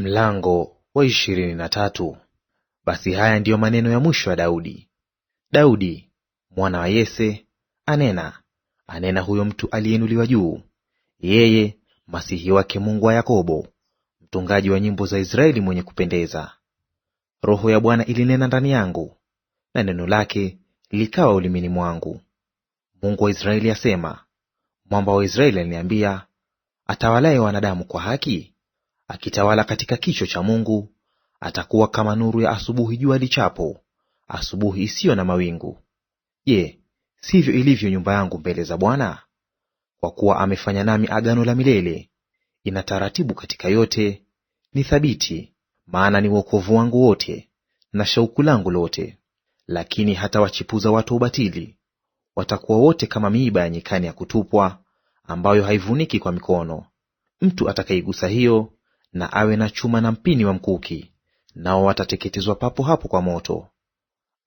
Mlango wa ishirini na tatu. Basi haya ndiyo maneno ya mwisho ya Daudi. Daudi mwana wa Yese anena, anena huyo mtu aliyeinuliwa juu, yeye masihi wake Mungu wa Yakobo, mtungaji wa nyimbo za Israeli mwenye kupendeza. Roho ya Bwana ilinena ndani yangu, na neno lake likawa ulimini mwangu. Mungu wa Israeli asema, mwamba wa Israeli aliniambia, atawalaye wanadamu kwa haki akitawala katika kicho cha Mungu, atakuwa kama nuru ya asubuhi jua lichapo, asubuhi isiyo na mawingu. Je, sivyo ilivyo nyumba yangu mbele za Bwana? Kwa kuwa amefanya nami agano la milele, ina taratibu katika yote, ni thabiti. Maana ni wokovu wangu wote na shauku langu lote. Lakini hata wachipuza watu ubatili; watakuwa wote kama miiba ya nyikani ya kutupwa, ambayo haivuniki kwa mikono. Mtu atakayeigusa hiyo na awe na chuma na mpini wa mkuki, nao watateketezwa papo hapo kwa moto.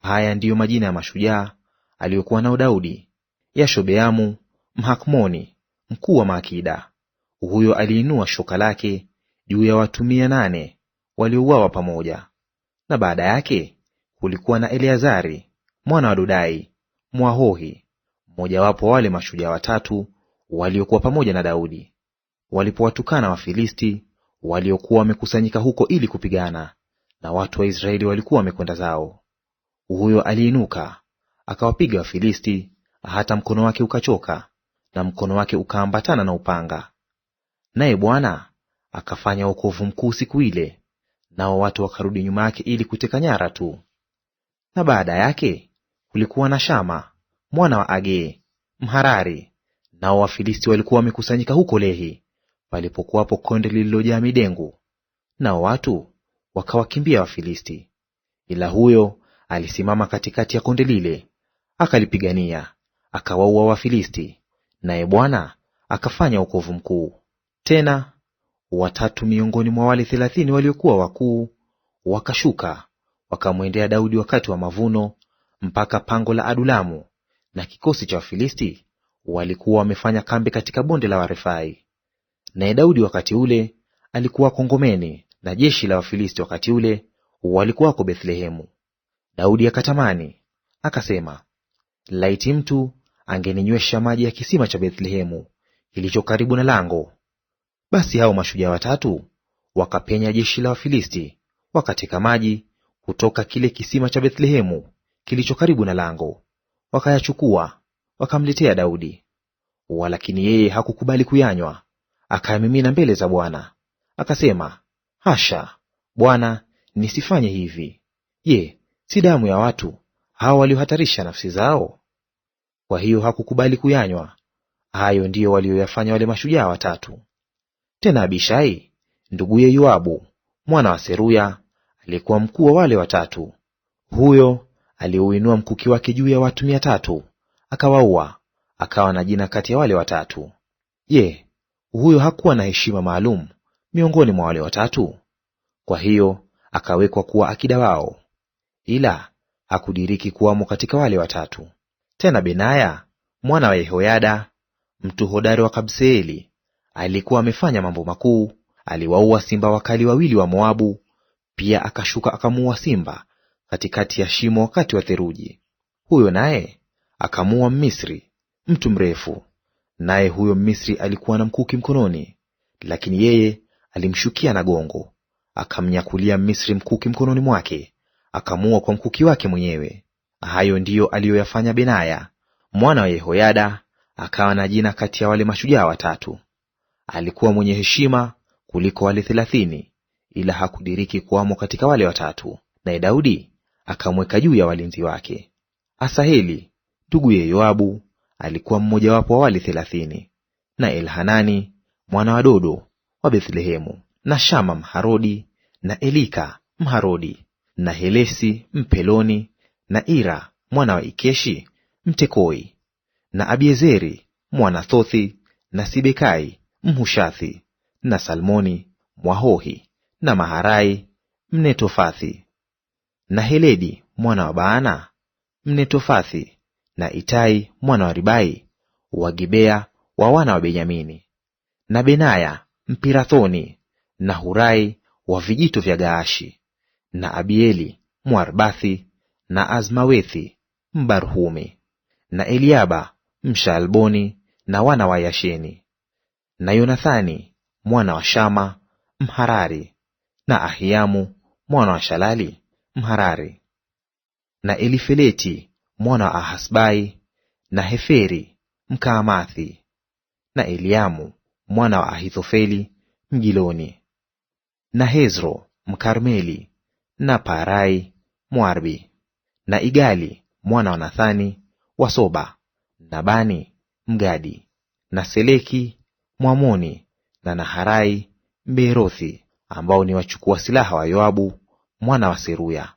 Haya ndiyo majina ya mashujaa aliyokuwa nao Daudi: Yashobeamu Mhakmoni, mkuu wa maakida; huyo aliinua shoka lake juu ya watu mia nane waliouawa pamoja. Na baada yake kulikuwa na Eleazari mwana wa Dodai Mwahohi, mmojawapo wa wale mashujaa watatu waliokuwa pamoja na Daudi. Walipowatukana Wafilisti, waliokuwa wamekusanyika huko ili kupigana, na watu wa Israeli walikuwa wamekwenda zao. Huyo aliinuka akawapiga Wafilisti hata mkono wake ukachoka, na mkono wake ukaambatana na upanga. Naye Bwana akafanya wokovu mkuu siku ile, nao watu wakarudi nyuma yake ili kuteka nyara tu. Na baada yake kulikuwa na Shama mwana wa Agee Mharari, nao Wafilisti walikuwa wamekusanyika huko Lehi, palipokuwapo konde lililojaa midengu, nao watu wakawakimbia Wafilisti. Ila huyo alisimama katikati ya konde lile, akalipigania, akawaua Wafilisti, naye Bwana akafanya wokovu mkuu. Tena watatu miongoni mwa wale thelathini waliokuwa wakuu wakashuka wakamwendea Daudi wakati wa mavuno mpaka pango la Adulamu, na kikosi cha Wafilisti walikuwa wamefanya kambi katika bonde la Warefai. Naye Daudi wakati ule alikuwa kongomeni na jeshi la Wafilisti wakati ule walikuwako Bethlehemu. Daudi akatamani akasema, laiti mtu angeninywesha maji ya kisima cha Bethlehemu kilicho karibu na lango. Basi hao mashujaa watatu wakapenya jeshi la Wafilisti, wakateka maji kutoka kile kisima cha Bethlehemu kilicho karibu na lango, wakayachukua wakamletea Daudi. Walakini yeye hakukubali kuyanywa, akayamimina mbele za Bwana. Akasema, hasha Bwana, nisifanye hivi. Je, si damu ya watu hao waliohatarisha nafsi zao? Kwa hiyo hakukubali kuyanywa. Hayo ndiyo walioyafanya wale mashujaa watatu. Tena Abishai nduguye Yoabu mwana wa Seruya aliyekuwa mkuu wa wale watatu, huyo aliyouinua mkuki wake juu ya watu mia tatu akawaua, akawa na jina kati ya wale watatu. Je, huyo hakuwa na heshima maalum miongoni mwa wale watatu, kwa hiyo akawekwa kuwa akida wao, ila hakudiriki kuwamo katika wale watatu. Tena Benaya mwana wa Yehoyada mtu hodari wa Kabseeli alikuwa amefanya mambo makuu. Aliwaua simba wakali wawili wa Moabu, pia akashuka akamuua simba katikati ya shimo wakati wa theruji. Huyo naye akamuua Mmisri, mtu mrefu. Naye huyo Mmisri alikuwa na mkuki mkononi, lakini yeye alimshukia na gongo, akamnyakulia Mmisri mkuki mkononi mwake, akamuua kwa mkuki wake mwenyewe. Hayo ndiyo aliyoyafanya Benaya mwana wa Yehoyada, akawa na jina kati ya wale mashujaa watatu. Alikuwa mwenye heshima kuliko wale thelathini, ila hakudiriki kuwamo katika wale watatu. Naye Daudi akamweka juu ya walinzi wake. Asaheli nduguye Yoabu alikuwa mmojawapo wa wali thelathini, na Elhanani mwana wa Dodo wa Bethlehemu, na Shama Mharodi, na Elika Mharodi, na Helesi Mpeloni, na Ira mwana wa Ikeshi Mtekoi, na Abiezeri mwana Thothi, na Sibekai Mhushathi, na Salmoni Mwahohi, na Maharai Mnetofathi, na Heledi mwana wa Baana Mnetofathi, na Itai mwana wa Ribai wa Gibea wa wana wa Benyamini, na Benaya Mpirathoni, na Hurai wa vijito vya Gaashi, na Abieli Mwarbathi, na Azmawethi Mbarhumi, na Eliaba Mshaalboni, na wana wa Yasheni, na Yonathani mwana wa Shama Mharari, na Ahiamu mwana wa Shalali Mharari, na Elifeleti mwana wa Ahasbai, na Heferi Mkaamathi, na Eliamu mwana wa Ahithofeli Mgiloni, na Hezro Mkarmeli, na parai Mwarbi, na Igali mwana wa Nathani wa Soba, na Bani Mgadi, na Seleki Mwamoni, na Naharai mberothi ambao ni wachukua silaha wa Yoabu mwana wa Seruya,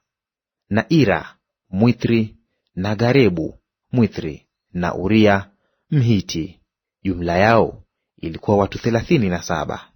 na Ira mwitri na Garebu Mwithri na Uria Mhiti; jumla yao ilikuwa watu thelathini na saba.